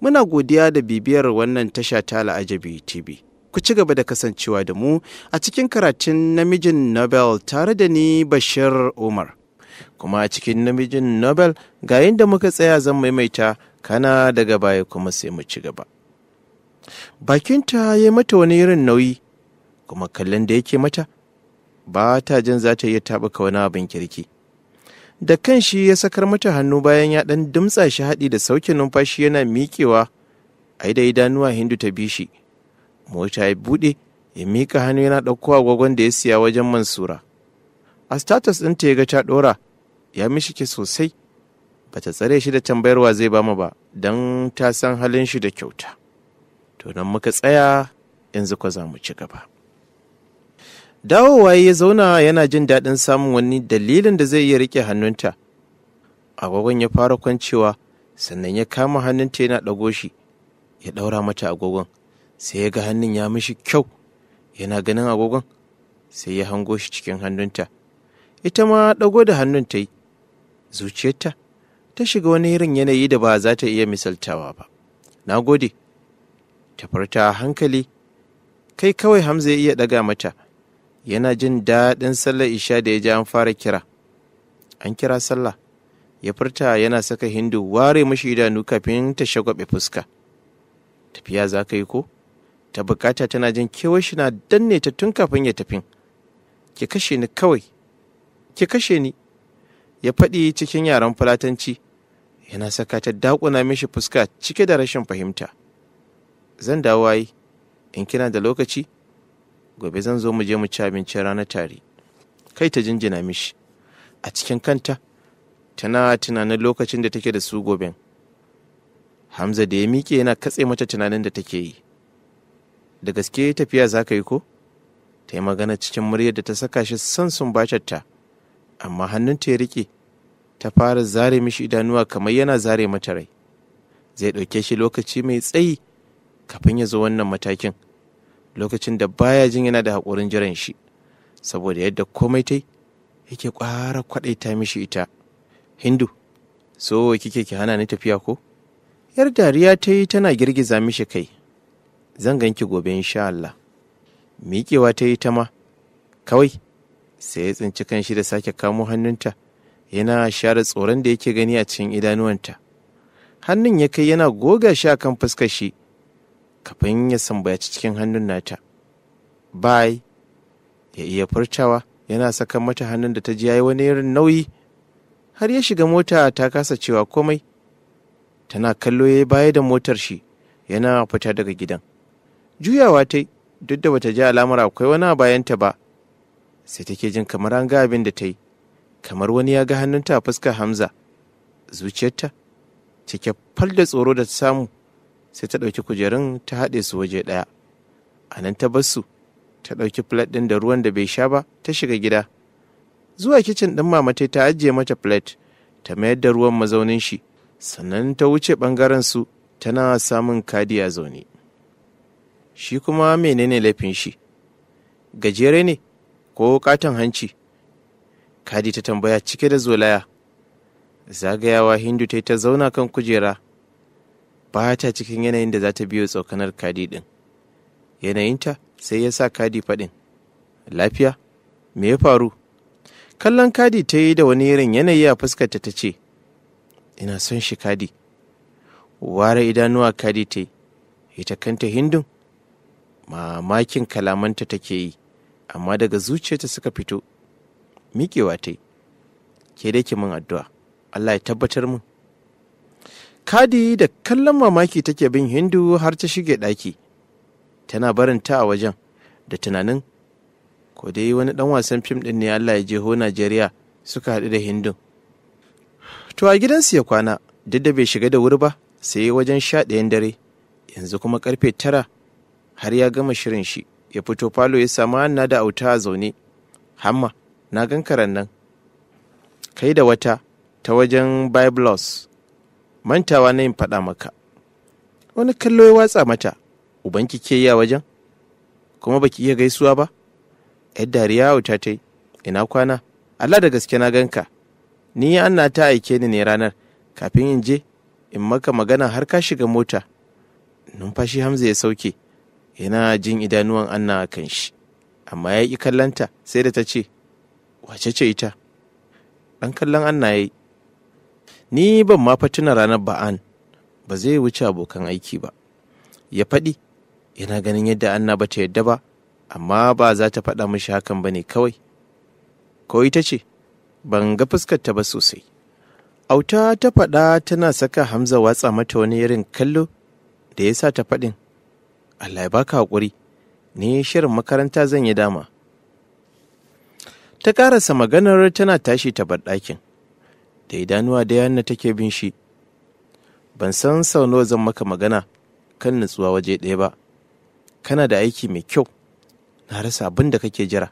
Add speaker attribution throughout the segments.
Speaker 1: Muna godiya da bibiyar wannan tasha ta Al'ajabi TV. Ku ci gaba da kasancewa da mu a cikin karatun namijin Nobel tare da ni Bashir Umar. Kuma a cikin namijin Nobel ga yadda muka tsaya zan maimaita kana daga baya kuma sai mu ci gaba. Bakinta ya mata wani irin nauyi, kuma kallon da yake mata ba ta jin za ta iya taɓuka wani abin kirki. da kan shi ya sakar mata hannu bayan ya ɗan dumtsa shi haɗi da sauke numfashi yana miƙewa a da idanuwa hindu ta bi shi mota ya buɗe ya miƙa hannu yana ɗauko agogon da ya siya wajen mansura a status ɗin ta ya ga ta ɗora ya mishike sosai bata tsare shi da tambayarwa zai bamu ba don ta san halin shi da kyauta to nan muka tsaya yanzu kwa za mu ci gaba dawowa ya zauna yana jin daɗin samun wani dalilin da zai iya riƙe hannunta agogon ya fara kwancewa sannan ya kama hannunta yana ɗago shi ya ɗaura mata agogon sai ya ga hannun ya mishi kyau yana ganin agogon sai ya hango shi cikin hannunta ita ma ɗago da hannun ta yi zuciyarta ta shiga wani irin yanayi da ba za ta iya misaltawa ba na gode ta hankali kai kawai hamza ya iya ɗaga mata yana jin daɗin sallar isha da ya ja an fara kira an kira sallah ya furta yana saka hindu ware mashi idanu kafin ta shagwabe fuska tafiya za ka yi ko ta bukata tana jin kewar shi na danne ta tun kafin ya tafin ki kashe ni kawai ki kashe ni ya faɗi cikin yaren fulatanci yana saka ta dakuna mishi fuska cike da rashin fahimta zan dawo yi in kina da lokaci gobe zan zo mu je mu ci abincin rana tare kai ta jinjina mishi a cikin kanta tana tunanin lokacin da take da su goben hamza da ya miƙe yana katse mata tunanin da take yi da gaske tafiya za ka yi ko ta yi magana cikin muryar da ta saka shi son sun ta amma hannunta ya riƙe ta fara zare mishi idanuwa kamar yana zare mata rai zai ɗauke shi lokaci mai tsayi kafin ya zo wannan matakin lokacin da baya jin yana da haƙurin jiran shi saboda yadda komai tai yake ƙwara kwaɗaita mishi ita hindu so kike ki hana ni tafiya ko yar dariya ta yi tana girgiza mishi kai zan ganki gobe insha Allah miƙewa ta yi ta ma kawai sai ya tsinci kanshi da sake kamo hannunta yana share tsoron da yake gani a cikin idanuwanta hannun ya kai yana goga shi a kan fuskar shi kafin ya sambayaci cikin hannun nata bai ya iya furtawa yana saka mata hannun da ta ji yayi wani irin nauyi har ya shiga mota ta kasa cewa komai tana kallo ya baya da motar shi yana fita daga gidan juyawa ta duk da bata ji alamar akwai wani a bayanta ba sai take jin kamar an ga abin da ta yi kamar wani ya ga hannunta a fuskar hamza zuciyarta cike fal da tsoro da ta samu sai ta ɗauki kujerun ta haɗe su waje ɗaya a nan ta basu ta ɗauki filet ɗin da ruwan da bai sha ba ta shiga gida zuwa kicin ɗin mama ta ta ajiye mata filet ta mayar da ruwan mazaunin shi sannan ta wuce ɓangaren su tana samun kadiya zaune shi kuma menene laifin shi gajere ne ko katon hanci kadi ta tambaya cike da zolaya zagayawa hindu ta ta zauna kan kujera ba ta cikin yanayin da za ta biyo tsokanar kadi ɗin yanayinta sai ya sa kadi faɗin lafiya me ya faru kallon kadi ta yi da wani irin yanayi a fuskarta ta ce ina son shi kadi Wara idanuwa kadi ta yi ita kanta hindun mamakin kalamanta take yi amma daga zuciyarta suka fito miƙewa ta yi ke da min addu'a allah ya tabbatar mun. kadi da kallon mamaki take bin hindu har ta shige ɗaki tana barin ta a wajen da tunanin ko dai wani dan wasan fim din ne allah ya jeho najeriya suka haɗu da hindun to a gidansu ya kwana duk da bai shiga da wuri ba sai wajen sha ɗayan dare yanzu kuma karfe tara har ya gama shirin shi ya fito falo ya samu hanna da auta a zaune hamma na gan karan nan kai da wata ta wajen biblos mantawa na yin faɗa maka wani kallo ya watsa mata uban ke yi a wajen kuma baki iya gaisuwa ba yar dariya wuta ta yi ina kwana allah da gaske na ganka ni anna ta aike ni ne ranar kafin in je in maka magana har ka shiga mota numfashi hamza ya sauke yana jin idanuwan anna kan shi amma ya ƙi kallanta sai da ta ce wace ce ita ɗan kallon anna ya yi ni ban ma fa tuna ranar ba'an ba zai wuce abokan aiki ba ya faɗi yana ganin yadda anna ba ta yadda ba amma ba za ta faɗa mishi hakan ba ne kawai ko ita ce ban ga fuskar ta ba sosai auta ta faɗa tana saka hamza watsa mata wani irin kallo da ya sa ta faɗin allah ya baka haƙuri ni shirin makaranta zan yi dama ta ƙarasa maganar tana tashi ta bar ɗakin da idanuwa da yana take bin shi ban san sau nawa zan maka magana kan nutsuwa waje ɗaya ba kana da aiki mai kyau na rasa abin da kake jira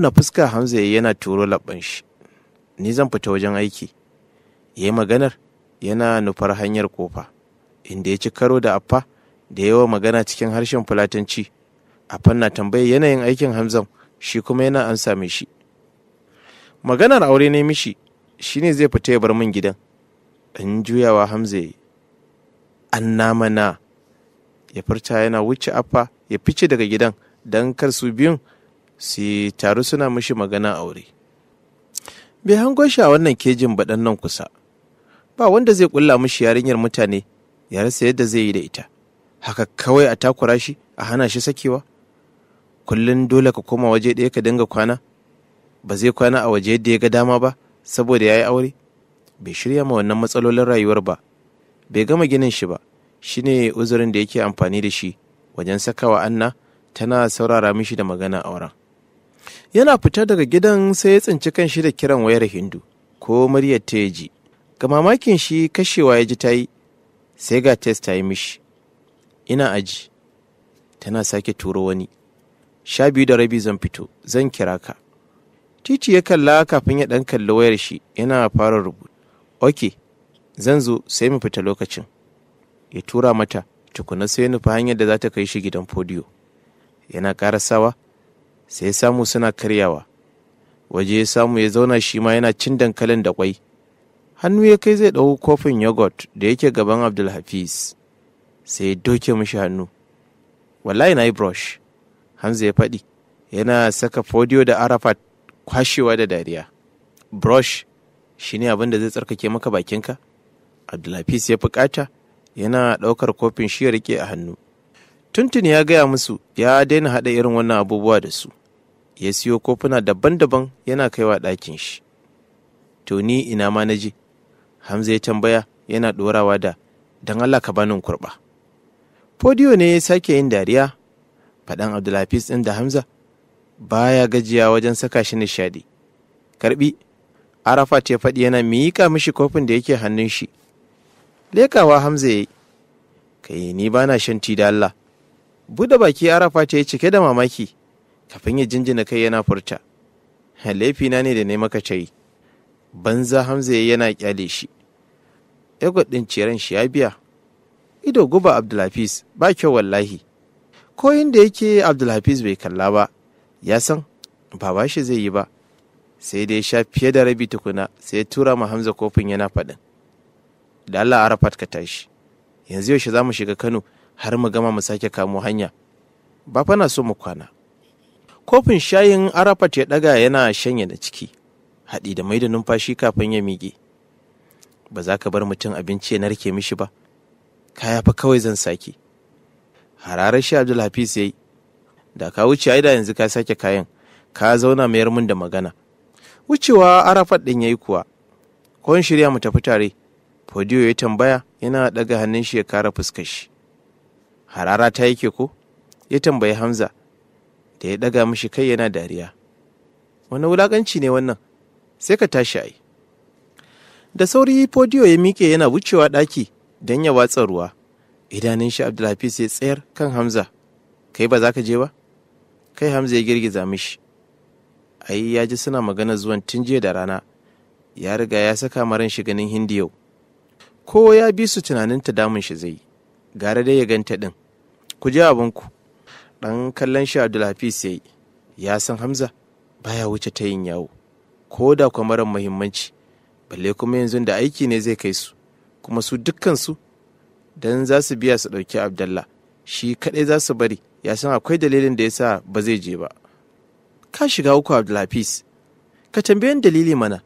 Speaker 1: na fuska hamza yana turo labban shi ni zan fita wajen aiki ya yi maganar yana nufar hanyar kofa inda ya ci karo da affa da yawa magana cikin harshen fulatanci affan na tambaye yanayin aikin hamzan shi kuma yana an same shi maganar aure ne mishi shi ne zai fita ya bar min gidan in juyawa hamza yi an namana ya furta yana wuce affa ya fice daga gidan don kar su biyun su taru suna mashi magana aure bai hango shi a wannan kejin baɗan nan kusa ba wanda zai kulla mashi yarinyar mutane ya rasa yadda zai yi da ita haka kawai a takura shi a hana shi sakewa kullum dole ka koma waje ɗaya ka dinga kwana ba zai kwana a waje yadda ya ga dama ba saboda ya yi aure bai shirya ma wannan matsalolin rayuwar ba bai gama ginin shi ba shine uzurin da yake amfani da shi wajen sakawa anna tana saurara mishi da magana auren yana fita daga gidan sai ya tsinci kan shi da kiran wayar hindu ko muryar ta ji ga mamakin shi kashewa ya ji ta yi sai ga test ta yi mishi ina aji tana sake turo wani sha biyu da rabi zan fito zan kira ka Titi ya kalla kafin ya ɗan kalli wayar shi yana fara rubutu. Ok, zan zo sai mu fita lokacin. Ya tura mata tukuna sai ya nufi hanyar da za ta kai shi gidan fodiyo. Yana karasawa sai samu suna karyawa. Waje ya samu ya zauna shi ma yana cin dankalin da kwai. Hannu ya kai zai ɗau kofin yogurt da yake gaban Abdulhafiz. Sai ya doke mishi hannu. Wallahi na yi brush. Hamza ya faɗi. Yana saka fodiyo da Arafat kwashewa da dariya brush shi ne abin da zai tsarkake maka bakinka abdulhafiz ya kata yana ɗaukar kofin shi rike a hannu tuntun ya gaya musu ya daina haɗa irin wannan abubuwa da su ya siyo kofuna daban-daban yana kaiwa ɗakin shi to ni ina ma na je hamza ya tambaya yana ɗorawa da don allah ka bani kurɓa fodiyo ne ya sake yin dariya faɗan abdulhafiz ɗin da hamza baya gajiya wajen saka shi nishadi karbi arafat ya faɗi yana miƙa mishi kofin da yake hannun shi lekawa hamza ya yi kai ni ba na shan ti da allah buɗe baki arafat ya yi cike da mamaki kafin ya jinjina kai yana furta laifina ne da ne maka yi. banza hamza ya yana kyale shi ego ɗin ciran shi ya biya ido guba abdulhafiz ba kyau wallahi Ko inda yake abdulhafiz bai kalla ba ya san ba ba zai yi ba sai dai sha fiye da rabi tukuna sai ya tura ma hamza kofin yana faɗin da allah arafat ka tashi yanzu yaushe za mu shiga kano har mu gama mu sake kamo hanya ba fa na so mu kwana kofin shayin arafat ya ɗaga yana shanya da ciki haɗi da mai da numfashi kafin ya miƙe ba za ka bar mutum abinci ya narke mishi ba kaya fa kawai zan sake hararar shi abdulhafiz ya yi da ka wuce ai da yanzu ka sake kayan ka zauna mayar mun da magana wucewa arafat din yayi kuwa ko shirya mu tafi tare fodiyo ya tambaya yana daga hannun shi ya kara fuskar shi harara ta yake ko ya tambayi hamza da ya daga mishi kai yana dariya wani wulakanci ne wannan sai ka tashi ai da sauri fodiyo ya mike yana wucewa ɗaki don ya watsa ruwa idanun shi abdulhafiz ya tsayar kan hamza kai ba za ka je ba kai hamza ya girgiza mishi ai ya ji suna magana zuwan tun jiya da rana ya riga ya saka maran shi ganin hindi yau ko ya bi su tunanin ta damun shi zai gara dai ya ganta din ku je abinku dan kallon shi abdulhafiz ya yi ya san hamza baya wuce ta yin yawo ko da kwa marar muhimmanci balle kuma yanzu da aiki ne zai kai su kuma su dukkansu Dan za su biya su ɗauki abdallah shi kaɗai za su bari ya san akwai dalilin da ya sa ba zai je ba ka shiga uku abdulhafiz ka tambaye dalili mana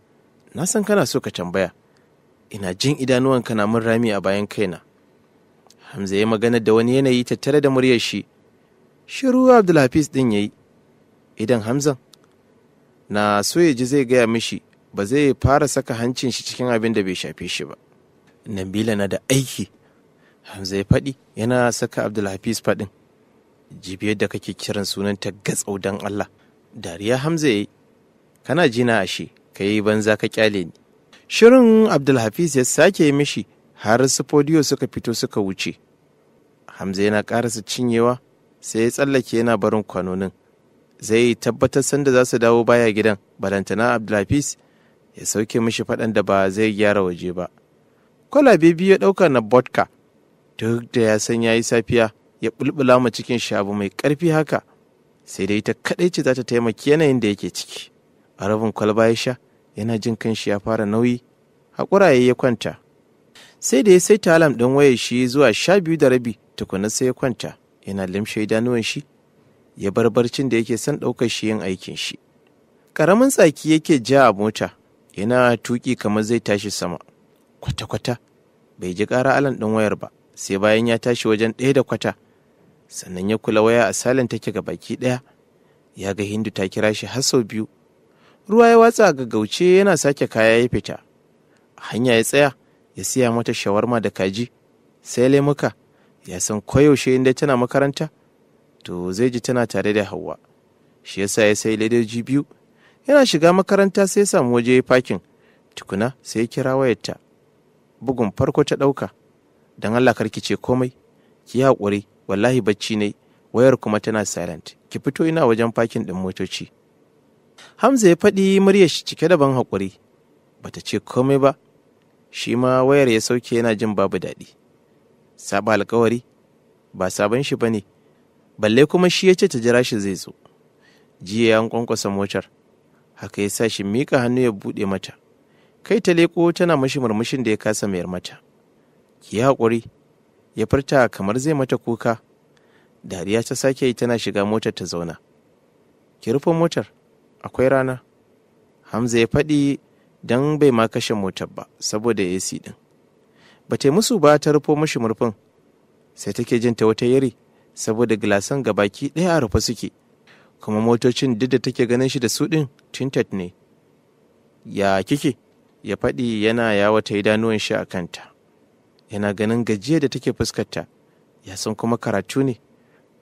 Speaker 1: na san kana so ka tambaya ina jin idanuwanka na mun rami a bayan kaina hamza ya magana da wani yanayi tattare da muryar shi shiru abdulhafiz din ya yi. idan hamzan na so ya ji zai gaya mishi ba zai fara saka hancin shi cikin abin da bai shafe shi ba nabila na da aiki hamza ya faɗi yana saka abdulhafiz faɗin jibiyar da kake kiran sunan ta gatsau dan Allah dariya Hamza yi. kana jina ashe ka yi banza ka kyale ni shirin Abdulhafiz ya sake mishi har su fodiyo suka fito suka wuce Hamza yana karasa cinyewa sai ya tsallake yana barin kwanonin zai tabbatar sanda za su dawo baya gidan balantana Abdulhafiz ya sauke mishi faɗan da ba zai gyara waje ba kwalabe biyu ya ɗauka na vodka duk da ya san ya yi safiya ya bulbula mu cikin shi mai karfi haka sai dai ta kaɗai ce za ta taimaki yanayin da yake ciki a rabin kwalba ya sha yana jin kan shi ya fara nauyi haƙura ya kwanta sai da ya sai talam ɗin wayar shi zuwa sha biyu da rabi tukuna sai ya kwanta yana limshe idanuwan shi ya bar barcin da yake son ɗaukar shi yin aikin shi ƙaramin tsaki yake ja a mota yana tuƙi kamar zai tashi sama kwata-kwata bai ji ƙara alan ɗin wayar ba sai bayan ya tashi wajen ɗaya da kwata sannan ya kula waya a salin take ga baki ɗaya ya ga hindu ta kira shi har sau biyu ruwa ya watsa ga gauce yana sake kaya ya fita A hanya ya tsaya ya siya mata shawarma da kaji sai lemuka ya san koyaushe inda tana makaranta to zai ji tana tare da hawa shi yasa ya sai ledoji biyu yana shiga makaranta sai ya samu waje ya fakin tukuna sai ya kira wayarta bugun farko ta ɗauka don allah karki ce komai ki yi haƙuri wallahi bacci ne wayar kuma tana silent ki fito ina wajen fakin ɗin motoci hamza ya faɗi murya shi cike da ban haƙuri bata ce komai ba shi ma wayar ya sauke yana jin babu daɗi saba alkawari ba sabon shi ba ne balle kuma shi ya ce ta jira shi zai zo jiya ya kwankwasa motar haka ya sa shi miƙa hannu ya buɗe mata kai ta leko tana mashi murmushin da ya kasa mayar mata ki haƙuri ya farta kamar zai mata kuka dariya ta sake yi tana shiga motar ta zauna ki rufe motar akwai rana hamza ya faɗi don bai ma kashe motar ba saboda ac ɗin ba ta musu ba ta rufe mashi murfin sai take jin ta wata yari saboda gilasan gabaki ɗaya a rufe suke kuma motocin duk da take ganin shi da su ɗin tintat ne ya kike ya faɗi yana yawa ta idanuwan shi a kanta yana ganin gajiya da take fuskarta ya san kuma karatu ne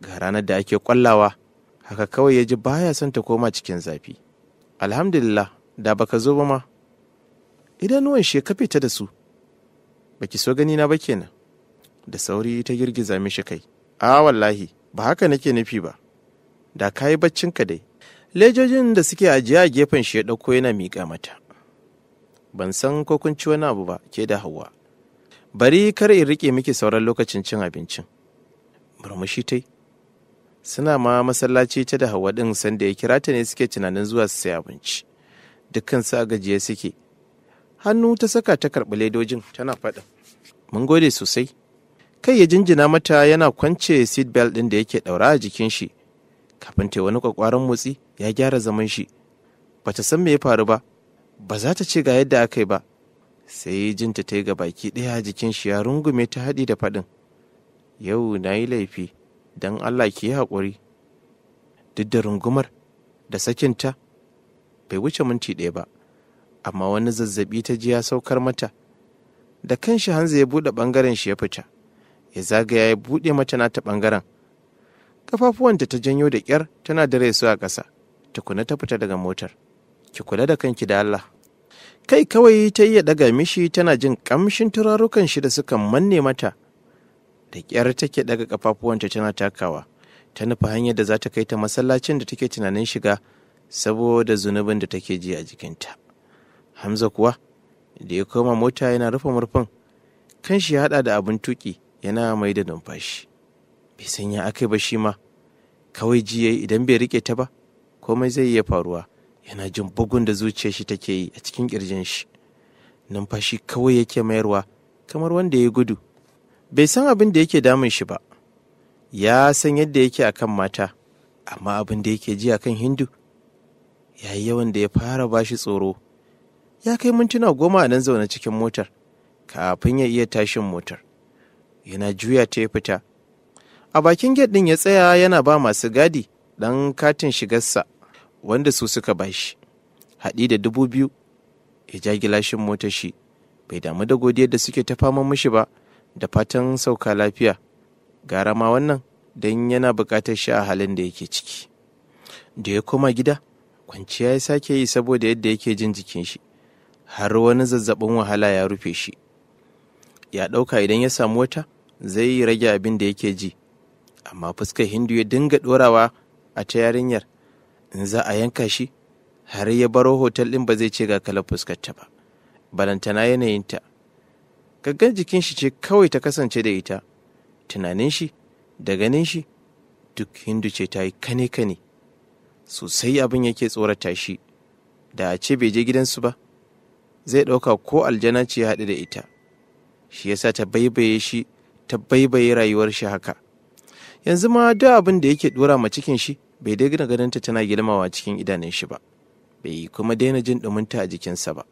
Speaker 1: ga ranar da ake kwallawa haka kawai ya ji baya son ta koma cikin zafi alhamdulillah da baka zo ba ma idanuwan shi kafe ta da su baki so gani na ba kenan da sauri ta girgiza mishi kai a wallahi ba haka nake nufi ba da ka yi ka dai lejojin da suke ajiye a gefen shi ya ɗauko yana miƙa mata ban san ko kun ci wani abu ba ke da hawa bari kar in rike miki sauran lokacin cin abincin murmushi tai suna ma masallaci ta da hawa ɗin sanda ya kira ta ne suke tunanin zuwa su sai abinci dukkan su a gajiye suke hannu ta saka ta karɓi ledojin tana faɗin mun gode sosai kai ya jinjina mata yana kwance seat belt ɗin da yake ɗaura a jikin shi kafin ta wani kwakwaran motsi ya gyara zaman shi bata san me ya faru ba ba za ta ce ga yadda aka yi ba sai jinta ta ga baki ɗaya jikin shi ya rungume ta haɗi da faɗin yau na yi laifi don allah ki yi haƙuri duk da rungumar da sakinta bai wuce minti ɗaya ba amma wani zazzaɓi ta ji ya saukar mata da kanshi hanzu ya buɗe ɓangaren shi ya fita ya zagaya ya buɗe mata nata ɓangaren kafafuwanta ta janyo da ƙyar tana da su a ƙasa tukuna ta fita daga motar ki kula da kanki da allah kai kawai ta iya ɗaga mishi tana jin ƙamshin turarukan shi da suka manne mata da ƙyar take ɗaga ƙafafuwanta tana takawa ta nufa hanyar da za ta kai ta masallacin da take tunanin shiga saboda zunubin da take ji a jikinta hamza kuwa da ya koma mota yana rufe murfin kan shi ya haɗa da abin tuki, yana mai da numfashi bai sanya aka akai ba shi ma kawai ji idan bai rike ta ba komai zai iya faruwa yana jin bugun da zuciyar shi take yi a cikin kirjin shi numfashi kawai yake mayarwa kamar wanda ya gudu bai san abin da yake damun shi ba ya san yadda yake akan mata amma abin da yake ji akan hindu ya yi yawan da ya fara bashi tsoro ya kai mintuna goma a nan zaune cikin motar kafin ya iya tashin motar yana juya ta ya fita a bakin gate ɗin ya tsaya yana ba masu gadi ɗan katin shigarsa wanda su suka shi haɗi da dubu biyu ya ja gilashin motar shi bai damu da godiyar da suke ta faman mishi ba da fatan sauka lafiya gara ma wannan don yana buƙatar shi a halin da yake ciki da ya koma gida kwanciya ya sake yi saboda yadda yake jin jikin shi har wani zazzabin wahala ya rufe shi ya ɗauka idan ya samu wata zai rage abin da yake ji amma fuskar hindu ya dinga ɗorawa a ta yarinyar in za a yanka shi har ya baro hotel ɗin ba zai ce ga kalar fuskarta ba balantana yanayinta gaggan jikin shi ce kawai ta kasance da ita tunanin shi da ganin shi duk hindu ce ta yi kane kane sosai abin yake tsorata shi da a ce bai je gidansu ba zai ɗauka ko aljana ce haɗu da ita shi yasa ta baibaye shi ta baibaye rayuwar shi haka yanzu ma duk abin da yake ɗora ma cikin shi bai dai daina ta tana girmawa cikin idanun shi ba bai kuma daina jin ɗuminta a jikinsa ba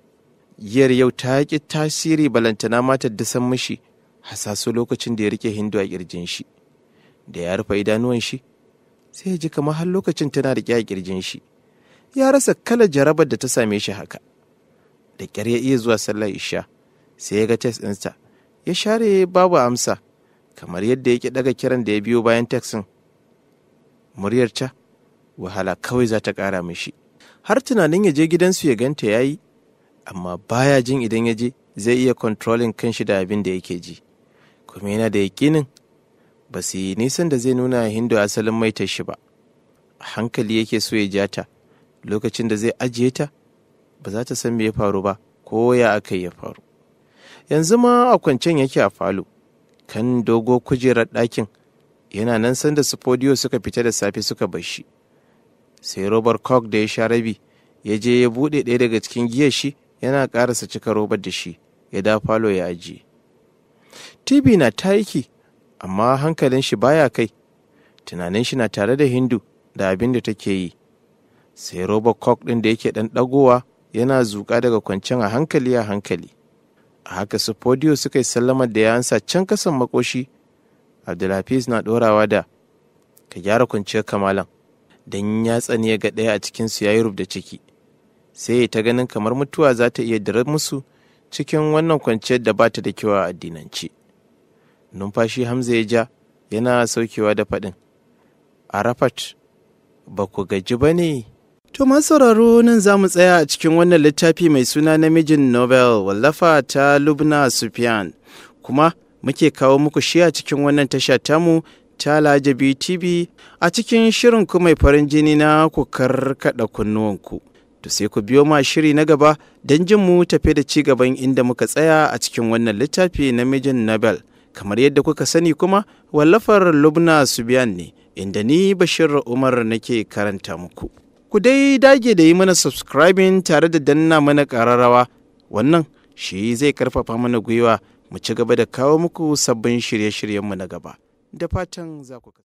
Speaker 1: yiyar yau ta ƙi tasiri balantana matar da san mishi hasasu lokacin da ya rike hindu a ƙirjin shi da ya rufe idanuwan shi sai ya ji kamar har lokacin tana riƙe a ƙirjin shi ya rasa kala jarabar da ta same shi haka da ƙyar ya iya zuwa sallar isha sai ya ga tes ɗinsa ya share babu amsa kamar yadda ya ƙi ɗaga kiran da ya biyo bayan teksin muryar ta wahala kawai za ta ƙara mishi har tunanin ya je gidansu ya ganta ya yi amma baya jin idan ya je zai iya kontrolin shi da abin da yake ji kuma yana da yaƙinin ba su yi nisan da zai nuna hindu asalin maitar shi ba a hankali yake so ya ja ta lokacin da zai ajiye ta ba za ta san me ya faru ba ko ya aka ya faru yanzu ma a kwancen yake a falo kan dogo kujerar ɗakin yana nan sanda su suka fita da safe suka bar shi sai robert cock da ya sha rabi ya je ya bude ɗaya daga cikin giyar shi yana ƙarasa cika robar da shi ya da falo ya ajiye tv na taiki amma hankalin shi baya kai tunanin shi na tare da hindu da abin da take yi sai robert cock ɗin da yake ɗan ɗagowa yana zuƙa daga kwancen a hankali a hankali a haka su podio suka yi sallamar da ya ansa can kasan makoshi abdulhafiz na ɗorawa da ka gyara kwanciyar kamalan don ya tsaniya ga ɗaya a cikinsu ya yi rubda ciki sai ta ganin kamar mutuwa za ta iya dare musu cikin wannan kwanciyar da ba ta da kyau a addinance numfashi hamza ya ja yana saukewa da faɗin arafat ba ku gaji ba ne to sauraro nan za mu tsaya a cikin wannan littafi mai suna namijin nobel wallafa ta lubna sufyan kuma muke kawo muku shi a cikin wannan tasha tamu Tala Jabi TV a cikin shirin ku mai farin jini na ku karkada kunnuwanku. To sai ku biyo ma shiri na gaba don jin mu tafe da ci gaban inda muka tsaya a cikin wannan littafi na mijin Nobel. Kamar yadda kuka sani kuma wallafar Lubna Subiyan ne inda ni Bashir Umar nake karanta muku. Ku dai dage da yi mana subscribing tare da danna mana ƙararrawa. Wannan shi zai karfafa mana gwiwa mu ci gaba da kawo muku sabbin shirye-shiryenmu na gaba. da fatan za ku